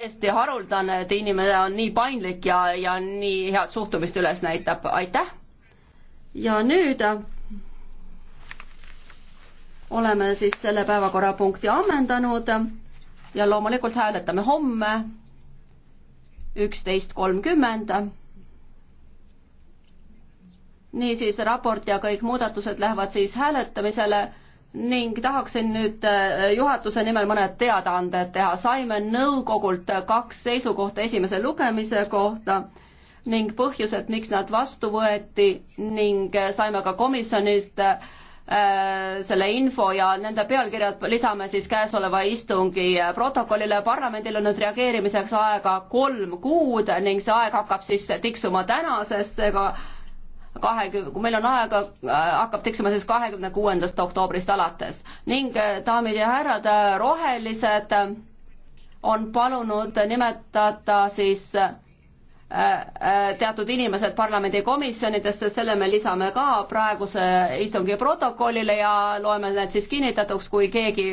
täiesti haruldane, et inimene on nii paindlik ja, ja nii head suhtumist üles näitab, aitäh. ja nüüd oleme siis selle päevakorrapunkti ammendanud ja loomulikult hääletame homme üksteist kolmkümmend. niisiis raport ja kõik muudatused lähevad siis hääletamisele ning tahaksin nüüd äh, juhatuse nimel mõned teadaanded teha. saime nõukogult kaks seisukohta esimese lugemise kohta ning põhjused, miks nad vastu võeti ning äh, saime ka komisjonist äh, selle info ja nende pealkirjad lisame siis käesoleva istungi äh, protokollile. parlamendil on nüüd reageerimiseks aega kolm kuud ning see aeg hakkab siis tiksuma tänasesse ka kahekümne, kui meil on aega, hakkab tiksuma siis kahekümne kuuendast oktoobrist alates ning äh, daamid ja härrad, rohelised on palunud nimetada siis äh, äh, teatud inimesed parlamendikomisjonidesse, selle me lisame ka praeguse istungi protokollile ja loeme need siis kinnitatuks, kui keegi